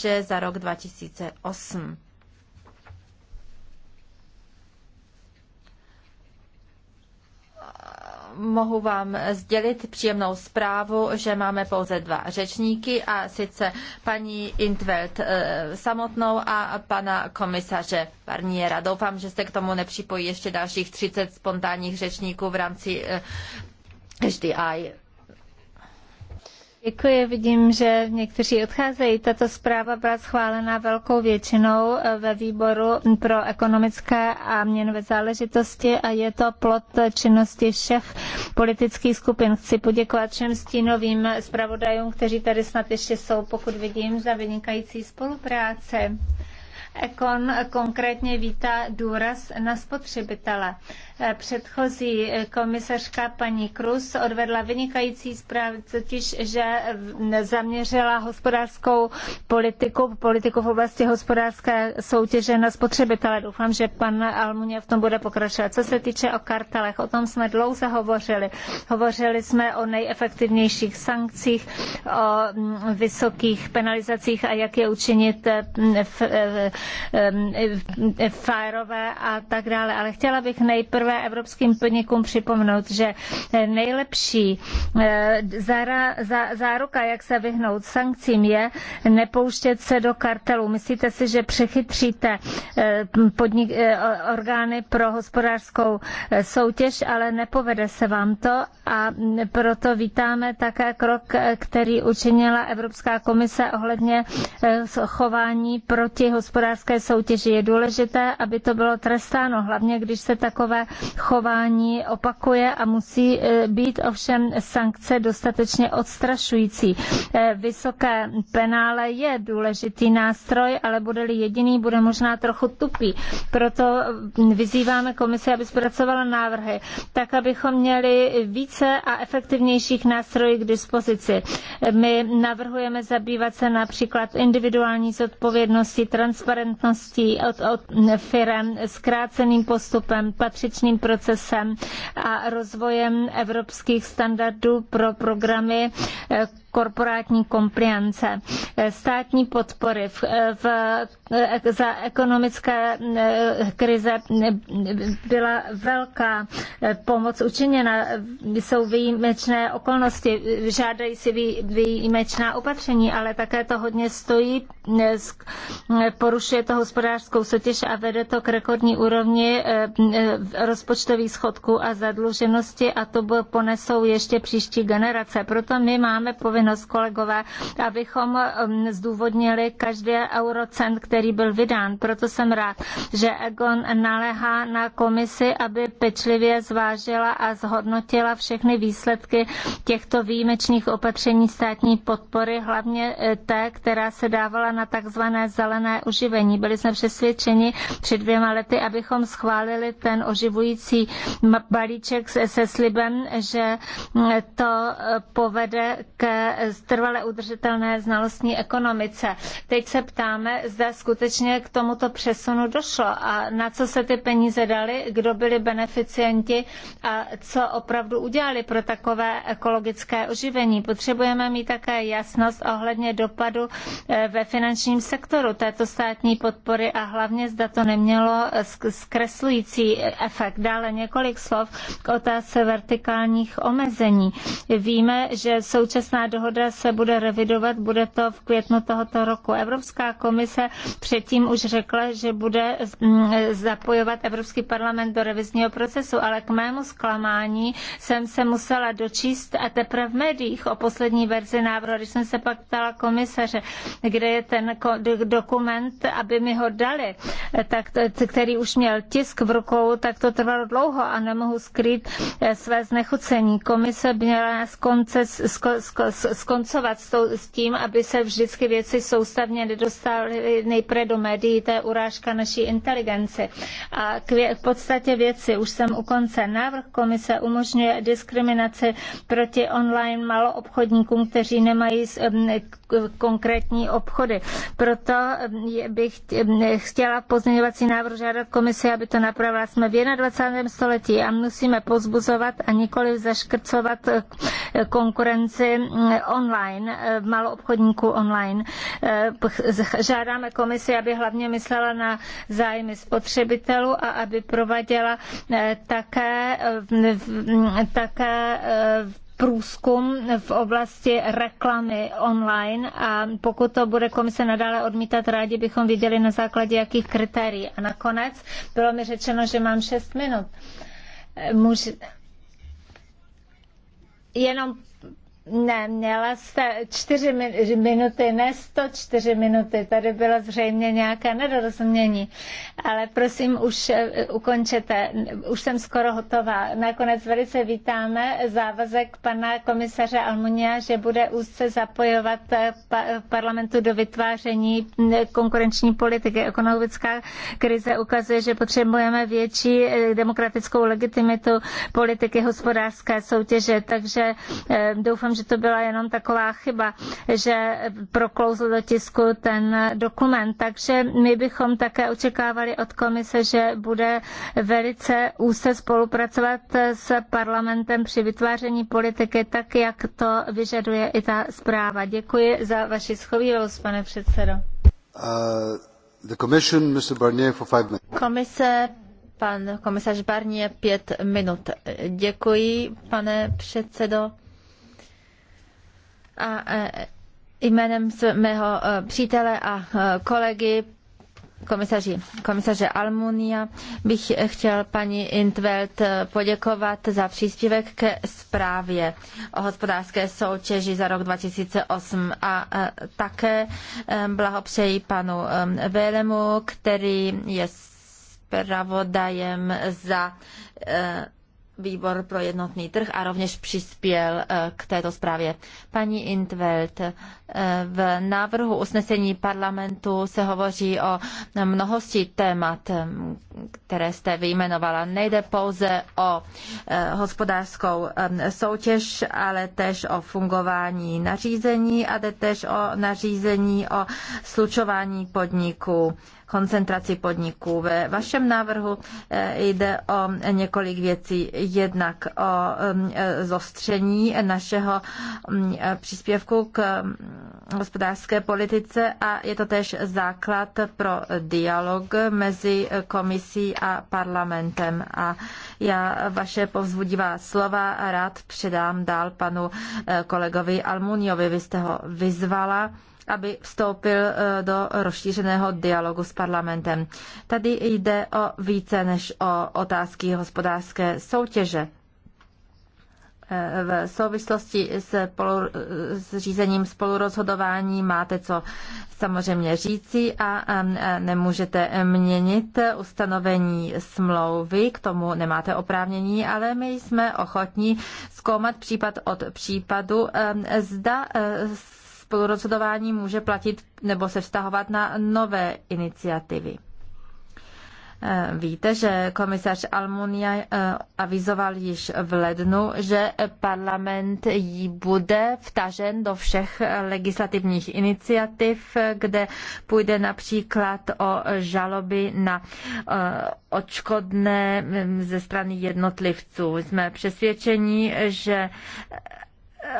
že za rok 2008. mohu vám sdělit příjemnou zprávu, že máme pouze dva řečníky a sice paní Intveld eh, samotnou a pana komisaře Barniera. Doufám, že se k tomu nepřipojí ještě dalších 30 spontánních řečníků v rámci HDI. Eh, Děkuji, vidím, že někteří odcházejí. Tato zpráva byla schválena velkou většinou eh, ve výboru pro ekonomické a měnové záležitosti a je to plot činnosti všech politických skupin. Chci poděkovat všem stínovým zpravodajům, kteří tady snad ještě jsou, pokud vidím, za vynikající spolupráci. Ekon konkrétně vítá důraz na spotřebitele předchozí komisařka paní Krus odvedla vynikající zprávu, totiž, že zaměřila hospodářskou politiku, politiku v oblasti hospodářské soutěže na spotřebitele. Doufám, že pan Almunia v tom bude pokračovat. Co se týče o kartelech, o tom jsme dlouze hovořili. Hovořili jsme o nejefektivnějších sankcích, o vysokých penalizacích a jak je učinit eh, eh, eh, férové a tak dále. Ale chtěla bych nejprve zaprvé evropským podnikům připomnout, že nejlepší eh, záruka, jak se vyhnout sankcím, je nepouštět se do kartelů. Myslíte si, že přechytříte eh, podnik, eh, orgány pro hospodářskou soutěž, ale nepovede se vám to a proto vítáme také krok, který učinila Evropská komise ohledně chování proti hospodářské soutěži. Je důležité, aby to bylo trestáno, hlavně když se takové chování opakuje a musí e, být ovšem sankce dostatečně odstrašující. E, vysoké penále je důležitý nástroj, ale bude-li jediný, bude možná trochu tupý. Proto vyzýváme komisi, aby zpracovala návrhy, tak abychom měli více a efektivnějších nástrojů k dispozici. My navrhujeme zabývat se například individuální zodpovědností, transparentností od, od firem, zkráceným postupem, patřičným integračním procesem a rozvojem evropských standardů pro programy eh, korporátní kompliance, eh, státní podpory v, eh, v, eh, za ekonomické krize byla velká pomoc učiněna. Jsou výjimečné okolnosti, žádají si vý, výjimečná opatření, ale také to hodně stojí, porušuje to hospodářskou soutěž a vede to k rekordní úrovni rozpočtových schodků a zadluženosti a to ponesou ještě příští generace. Proto my máme povinnost povinnost, kolegové, abychom um, zdůvodnili každý eurocent, který byl vydán. Proto jsem rád, že Egon naléhá na komisi, aby pečlivě zvážila a zhodnotila všechny výsledky těchto výjimečných opatření státní podpory, hlavně eh, té, která se dávala na takzvané zelené oživení. Byli jsme přesvědčeni před dvěma lety, abychom schválili ten oživující balíček se slibem, že mm, to eh, povede k trvale udržitelné znalostní ekonomice. Teď se ptáme, zda skutečně k tomuto přesunu došlo a na co se ty peníze daly, kdo byli beneficienti a co opravdu udělali pro takové ekologické oživení. Potřebujeme mít také jasnost ohledně dopadu eh, ve finančním sektoru této státní podpory a hlavně zda to nemělo zkreslující efekt. Dále několik slov k otázce vertikálních omezení. Víme, že současná dohoda dohoda se bude revidovat, bude to v květnu tohoto roku. Evropská komise předtím už řekla, že bude mm, zapojovat Evropský parlament do revizního procesu, ale k mému zklamání jsem se musela dočíst a teprve v médiích o poslední verzi návrhu, když jsem se pak ptala komisaře, kde je ten dokument, aby mi ho dali, tak to, který už měl tisk v rukou, tak to trvalo dlouho a nemohu skrýt eh, své znechucení. Komise měla z konce, z, z, z, skoncovat s, tím, aby se vždycky věci soustavně nedostaly nejprve do médií, to je urážka naší inteligence. A k, vě, v podstatě věci, už jsem u konce, návrh komise umožňuje diskriminaci proti online maloobchodníkům, kteří nemají konkrétní obchody. Proto bych chtěla v pozměňovací návrh žádat komisi, aby to napravila. Jsme v 21. století a musíme pozbuzovat a nikoli zaškrcovat eh, konkurenci online, eh, maloobchodníku online. Eh, žádáme komisi, aby hlavně myslela na zájmy spotřebitelů a aby prováděla eh, také, také průzkum v oblasti reklamy online a pokud to bude komise nadále odmítat, rádi bychom viděli na základě jakých kritérií. A nakonec bylo mi řečeno, že mám 6 minut. Může... Jenom ne, měla jste čtyři minuty, ne 104 minuty, tady bylo zřejmě nějaké nedorozumění, ale prosím, už eh, ukončete, už jsem skoro hotová. Nakonec velice vítáme závazek pana komisaře Almunia, že bude úzce zapojovat eh, parlamentu do vytváření konkurenční politiky. Ekonomická krize ukazuje, že potřebujeme větší eh, demokratickou legitimitu politiky hospodářské soutěže, takže doufám, doufám, že to byla jenom taková chyba, že proklouzl do tisku ten dokument. Takže my bychom také očekávali od komise, že bude velice úzce spolupracovat s parlamentem při vytváření politiky, tak jak to vyžaduje i ta zpráva. Děkuji za vaši schovivost, pane předsedo. Uh, commission, Mr. Barnier, for five minutes. Komise, pan komisař Barnier, pět minut. Děkuji, pane předsedo a e, jménem mého e, přítele a e, kolegy komisaři, komisaře Almunia bych chtěl paní Intveld poděkovat za příspěvek ke zprávě o hospodářské soutěži za rok 2008 a také blahopřeji panu Vélemu, který je zpravodajem za výbor pro jednotný trh a rovněž přispěl eh, k této zprávě. Paní Intveld, eh, v návrhu usnesení parlamentu se hovoří o mnohosti témat, eh, které jste vyjmenovala. Nejde pouze o hospodářskou soutěž, ale tež o fungování nařízení a jde tež o nařízení o slučování podniků koncentraci podniků. Ve vašem návrhu jde o několik věcí jednak o um, e, zostření našeho um, e, příspěvku k um, hospodářské politice a je to tež základ pro dialog mezi komisí a parlamentem. A já vaše povzbudivá slova rád předám dál panu e, kolegovi Almuniovi. Vy jste ho vyzvala aby vstoupil eh, do rozšířeného dialogu s parlamentem. Tady jde o více než o otázky hospodářské soutěže eh, v souvislosti s, polu, s řízením spolurozhodování máte co samozřejmě říci a nemůžete měnit ustanovení smlouvy, k tomu nemáte oprávnění, ale my jsme ochotní zkoumat případ od případu, eh, zda spolurozhodování může platit nebo se vztahovat na nové iniciativy. Eh, víte, že komisař Almunia eh, avizoval již v lednu, že parlament jí bude vtažen do všech legislativních iniciativ, kde půjde například o žaloby na eh, odškodné mm, ze strany jednotlivců. Jsme přesvědčeni, že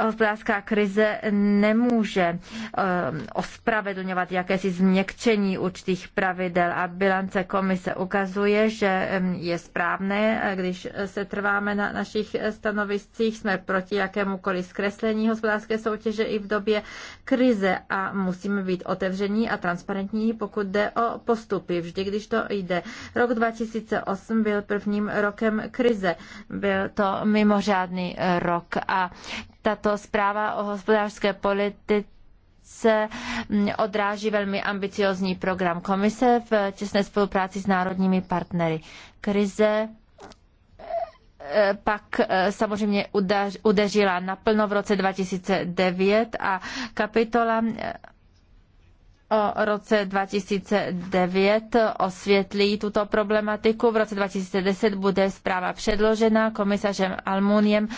hospodářská krize nemůže eh, ospravedlňovat jakési změkčení určitých pravidel a bilance komise ukazuje, že je správné, eh, když eh, se trváme na našich stanoviscích, jsme proti jakémukoliv zkreslení hospodářské soutěže i v době krize a musíme být otevření a transparentní, pokud jde o postupy. Vždy, když to jde. Rok 2008 byl prvním rokem krize. Byl to mimořádný rok a tato zpráva o hospodářské politice se mm, odráží velmi ambiciozní program komise v těsné spolupráci s národními partnery. Krize e, pak e, samozřejmě udeřila naplno v roce 2009 a kapitola e, v roce 2009 osvětlí tuto problematiku. V roce 2010 bude zpráva předložena komisařem Almuniem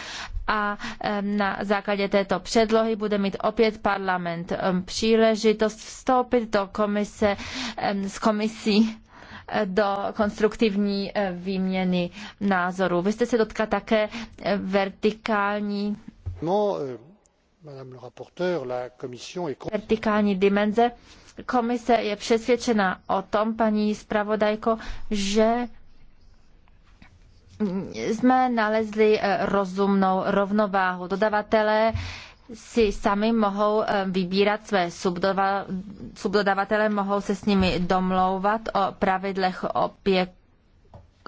a na základě této předlohy bude mít opět parlament příležitost vstoupit do komise s komisí eh, do konstruktivní eh, výměny názorů. Vy jste se dotkla také eh, vertikální no, vertikální dimenze. Komise je přesvědčena o tom, paní zpravodajko, že jsme nalezli eh, rozumnou rovnováhu. Dodavatelé si sami mohou eh, vybírat své subdodavatele, mohou se s nimi domlouvat o pravidlech opěku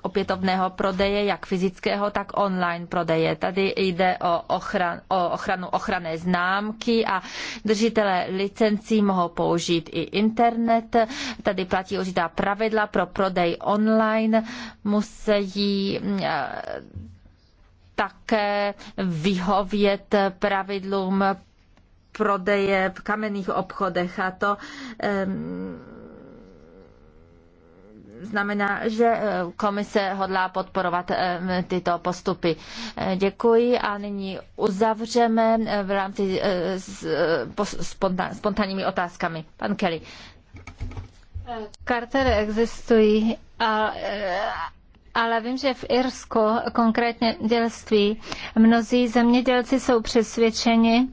opětovného prodeje, jak fyzického, tak online prodeje. Tady jde o, ochran, o ochranu ochranné známky a držitele licencí mohou použít i internet. Tady platí určitá pravidla pro prodej online. Musí eh, také vyhovět pravidlům prodeje v kamenných obchodech a to um, znamená, že eh, komise hodlá podporovat eh, tyto postupy. Eh, děkuji a nyní uzavřeme v rámci spontánními otázkami. Pan Kelly. Kartery existují, ale vím, že v Irsku, konkrétně dělství, mnozí zemědělci jsou přesvědčeni,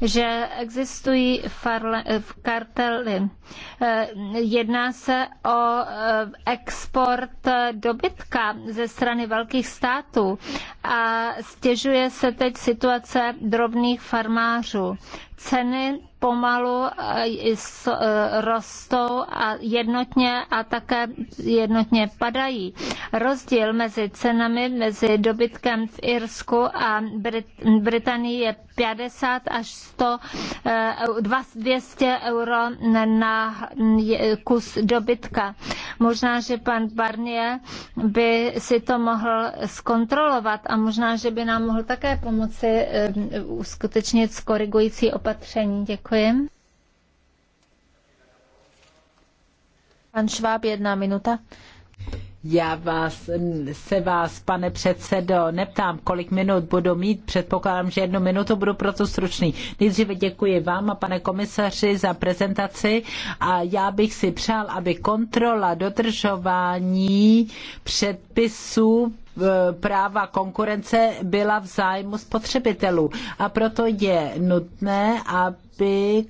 že existují kartely. Eh, jedná se o eh, export dobytka ze strany velkých států a stěžuje se teď situace drobných farmářů. Ceny pomalu eh, eh, rostou a jednotně a také jednotně padají. Rozdíl mezi cenami mezi dobytkem v Irsku a Brit- Británii je 50 až 100, 200 eh, euro na kus dobytka. Možná, že pan Barnier by si to mohl zkontrolovat a možná, že by nám mohl také pomoci uskutečnit skorigující opatření opatření. Děkuji. Pan Šváb, jedna minuta. Já vás, se vás, pane předsedo, neptám, kolik minut budu mít. Předpokládám, že jednu minutu budu proto stručný. Nejdříve děkuji vám a pane komisaři za prezentaci a já bych si přál, aby kontrola dodržování předpisů e, práva konkurence byla v zájmu spotřebitelů. A proto je nutné, aby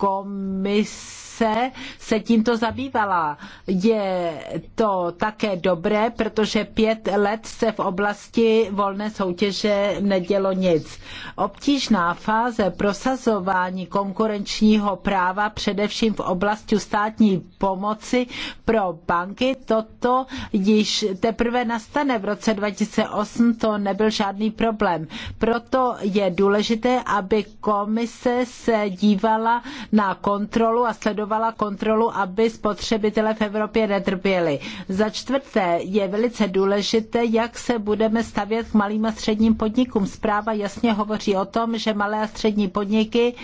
komise se tímto zabývala. Je to také dobré, protože pět let se v oblasti volné soutěže nedělo nic. Obtížná fáze prosazování konkurenčního práva, především v oblasti státní pomoci pro banky, toto již teprve nastane. V roce 2008 to nebyl žádný problém. Proto je důležité, aby komise se dívala na kontrolu a sledovala kontrolu, aby spotřebitele v Evropě netrpěli. Za čtvrté je velice důležité, jak se budeme stavět k malým a středním podnikům. Zpráva jasně hovoří o tom, že malé a střední podniky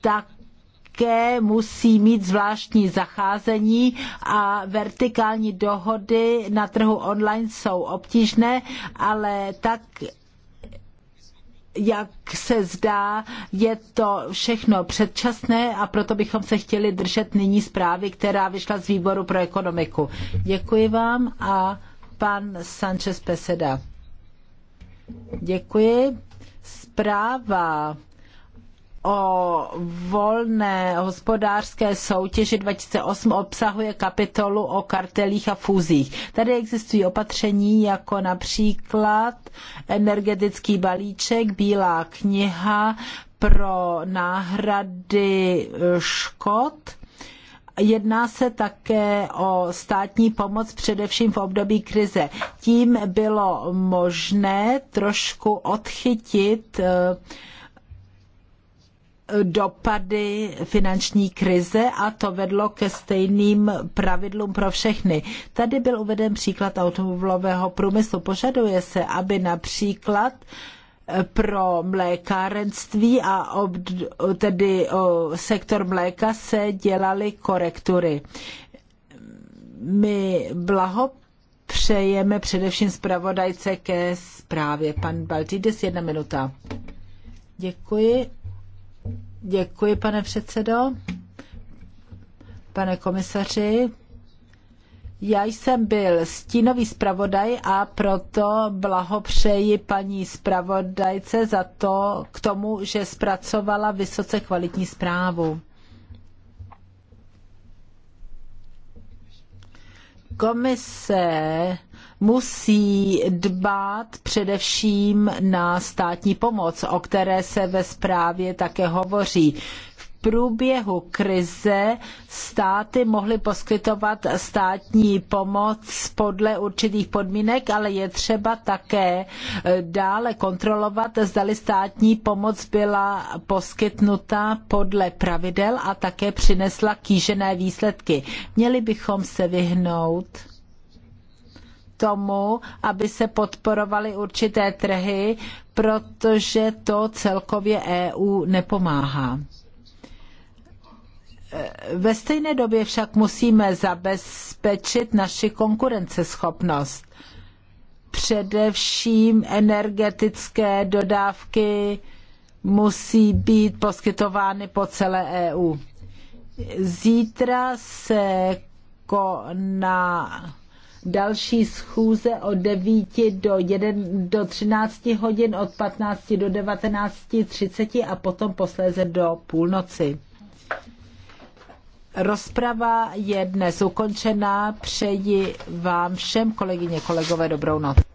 tak také musí mít zvláštní zacházení a vertikální dohody na trhu online jsou obtížné, ale tak jak se zdá, je to všechno předčasné a proto bychom se chtěli držet nyní zprávy, která vyšla z výboru pro ekonomiku. Děkuji vám a pan Sanchez Peseda. Děkuji. Zpráva o volné hospodářské soutěži 2008 obsahuje kapitolu o kartelích a fúzích. Tady existují opatření jako například energetický balíček, bílá kniha pro náhrady e, škod. Jedná se také o státní pomoc především v období krize. Tím bylo možné trošku odchytit uh, dopady finanční krize a to vedlo ke stejným pravidlům pro všechny. Tady byl uveden příklad automobilového průmyslu. Požaduje se, aby například eh, pro mlékárenství a ob, tedy sektor mléka se dělaly korektury. My blahopřejeme především zpravodajce ke zprávě. Pan Baltidis, jedna minuta. Děkuji. Děkuji, pane předsedo. Pane komisaři, já jsem byl stínový zpravodaj a proto blahopřeji paní zpravodajce za to k tomu, že zpracovala vysoce kvalitní zprávu. Komise musí dbát především na státní pomoc, o které se ve zprávě také hovoří. V průběhu krize státy mohly poskytovat státní pomoc podle určitých podmínek, ale je třeba také eh, dále kontrolovat, zdali státní pomoc byla poskytnuta podle pravidel a také přinesla kýžené výsledky. Měli bychom se vyhnout tomu, aby se podporovaly určité trhy, protože to celkově EU nepomáhá. Ve stejné době však musíme zabezpečit naši konkurenceschopnost. Především energetické dodávky musí být poskytovány po celé EU. Zítra se koná další schůze od 9 do, 1, do 13 hodin, od 15 do 19.30 a potom posléze do půlnoci. Rozprava je dnes ukončena. Přeji vám všem, kolegyně, kolegové, dobrou noc.